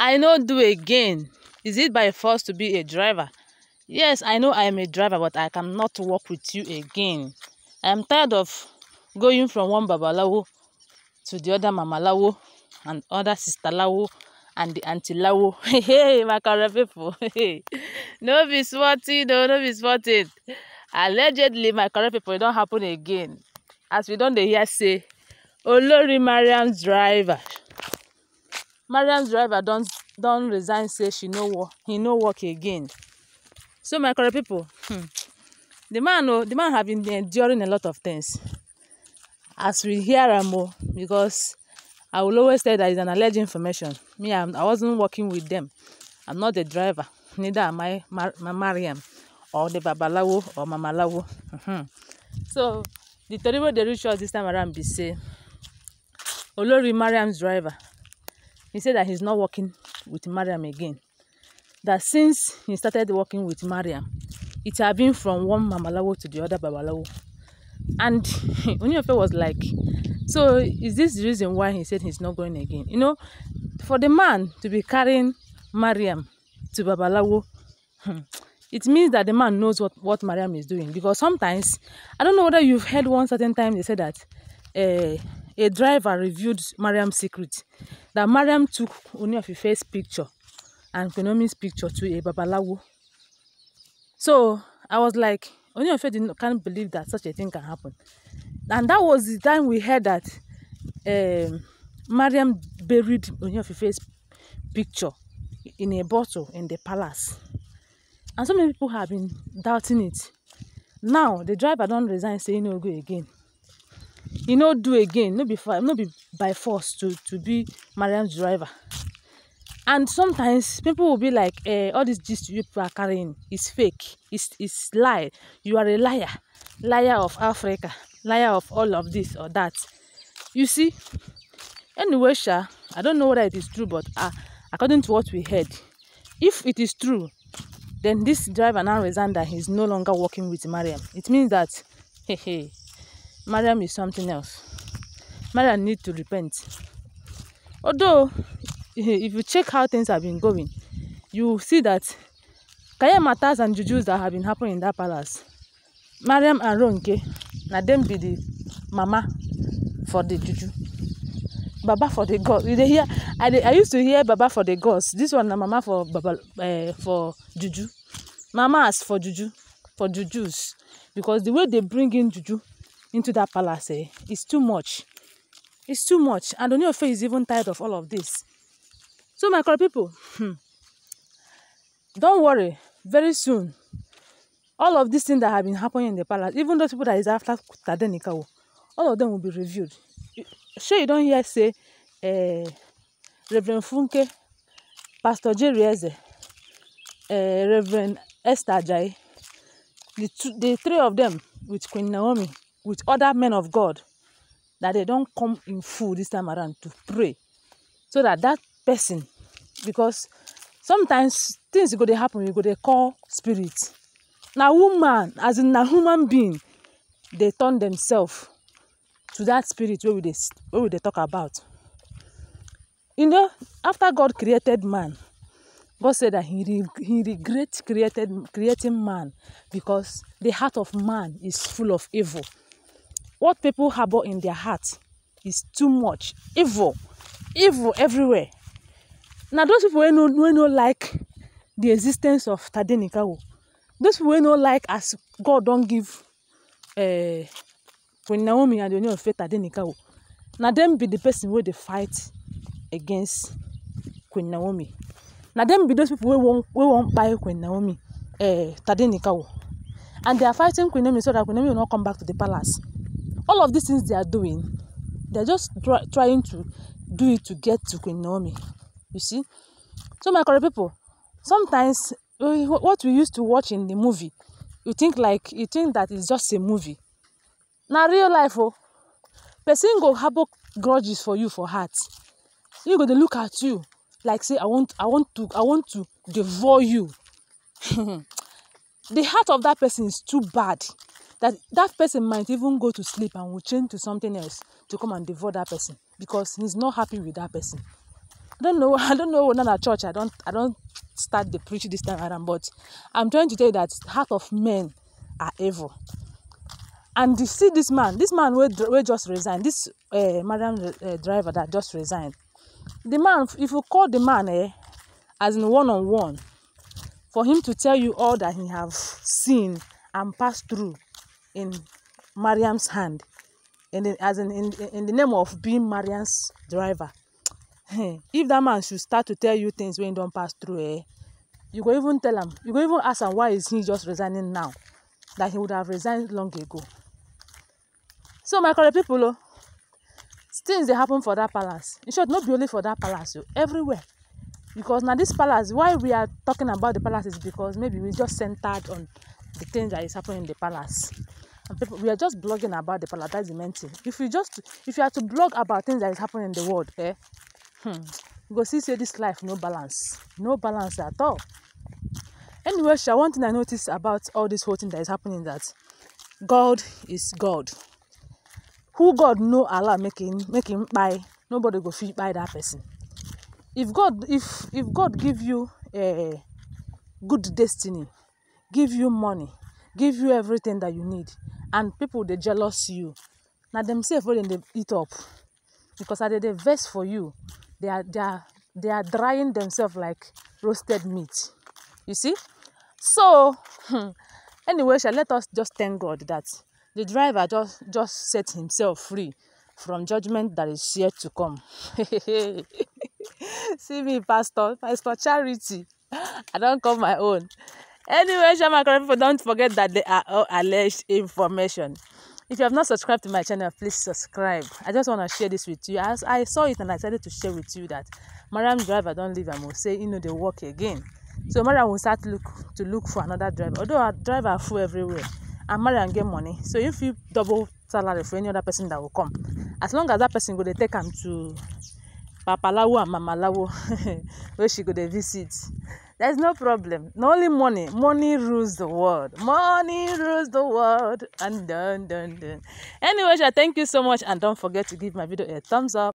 i no do again is it by force to be a driver yes i know i am a driver but i cannot work with you again i am tired of going from one babalawo to the other mamalawo and other sisterlawo and the auntilawo hey my correct people no be sporting no no be sporting allegedly my correct people it don't happen again as we don't hear say olori Mariam's driver mariam driver don't don't resign say she no he no work again so my correct people hmm, the man oh the man have been enduring a lot of things as we hear am oh because i will always say that it's an alleged information me I'm, i wasn't working with them i'm not the driver neither am i Mar mariam or the babalawo or mamalawo mm -hmm. so the terrible the dey reach this time around be say olori mariam driver he said that he's not working with Mariam again. That since he started working with Mariam, it had been from one Mamalawo to the other Babalawo. And Onyefe was like, so is this the reason why he said he's not going again? You know, for the man to be carrying Mariam to Babalawo, hmm, it means that the man knows what, what Mariam is doing. Because sometimes, I don't know whether you've heard one certain time they said that uh, a driver revealed Mariam's secret that Mariam took Ooni of Ife's picture and Queen picture to a babalawo. So I was like, Ooni of can't believe that such a thing can happen. And that was the time we heard that um, Mariam buried Ooni of Ife's picture in a bottle in the palace. And so many people have been doubting it. Now, the driver don't resign saying no go again e no do again no be no be by force to to be Mariam's driver and sometimes people will be like eh all this gist you people are carrying is fake is is lie you are a liar liar of Africa liar of all of this or that you see anyway sha i don't know whether it is true but uh, according to what we heard if it is true then this driver now resigned that he's no longer working with Mariam it means that Hehe. Mariam is something else. Mariam needs to repent. Although, if you check how things have been going, you see that career matters and jujus that have been happening in that palace, Mariam and Ronke, now them be the mama for the juju. Baba for the gods. You hear? I I used to hear Baba for the gods. This one na mama for Baba uh, for juju. Mamas for juju, for jujus because the way they bring in juju into that palace eh, it's too much it's too much and Oniofe is even tired of all of this so my correct people hmm, don't worry very soon all of these things that have been happening in the palace even those people that is after Tadenikawo all of them will be reviewed Sure, you don't hear say eh, Reverend Funke Pastor Jerry Eze eh, Reverend Esther Jai, the, two, the three of them with Queen Naomi with other men of God that they don't come in full this time around to pray so that that person because sometimes things go to happen you go to call spirit Now, woman as in a human being they turn themselves to that spirit What will they? wey we talk about you know after God created man God said that he re he regret created creating man because the heart of man is full of evil what people harbor in their heart is too much evil evil everywhere Now, those people who no who no like the existence of tadenikawo those people who no like as god don give uh, naomi and the ooni of ife tadenikawo na dem be the person wey dey fight against queen naomi na them be those people wey wan wey wan kpai queen naomi uh, eh, tadenikawo and they are fighting queen naomi so that queen naomi will not come back to the palace all of these things they are doing they are just try, trying to do it to get to Queen Naomi you see so my correct people sometimes we, what we used to watch in the movie you think like you think that it's just a movie na real life oh person go harbor grudges for you for heart you go dey look at you like say i want i want to i want to devour you the heart of that person is too bad that that person might even go to sleep and will change to something else to come and devour that person because he's not happy with that person i don't know i don't know not at church i don't i don't start the preach this time around but i'm trying to tell you that heart of men are evil and you see this man this man we wey just resign this uh, eh, madam uh, eh, driver that just resigned. the man if you call the man eh as in one on one for him to tell you all that he have seen and passed through in Mariam's hand, in the, as in, in, in the name of being Mariam's driver. if that man should start to tell you things when you don't pass through, eh, you go even tell him, you go even ask him why is he just resigning now, that he would have resigned long ago. So my correct people, oh, things they happen for that palace. In short, not be only for that palace, oh, everywhere. Because now this palace, why we are talking about the palace is because maybe we just centered on the things that is happening in the palace. people, we are just blogging about the paradise If you just if you are to blog about things that is happening in the world, eh? Hmm, you go see say this life no balance, no balance at all. Anyway, Sha, one thing I noticed about all this whole thing that is happening that God is God. Who God no Allah making making by nobody go feed by that person. If God if if God give you a eh, good destiny, give you money, give you everything that you need, and people dey jealous you na themselves wey dem dey eat up because as dem dey vex for you they are they are they are drying themselves like roasted meat you see so hmm, anyway shall let us just thank god that the driver just just set himself free from judgment that is yet to come see me pastor pastor charity i don call my own Anyway, Sharma people, don't forget that they are all alleged information. If you have not subscribed to my channel, please subscribe. I just want to share this with you. As I saw it and I decided to share with you that Mariam driver don't leave and will say, you know, they work again. So Mariam will start to look to look for another driver. Although our driver are full everywhere, and Mariam get money. So if you double salary for any other person that will come, as long as that person go, they take him to Papalawo and Mamalawo, where she go, they visit. There's no problem. only money. Money rules the world. Money rules the world. And done, done, done. Anyway, thank you so much. And don't forget to give my video a thumbs up.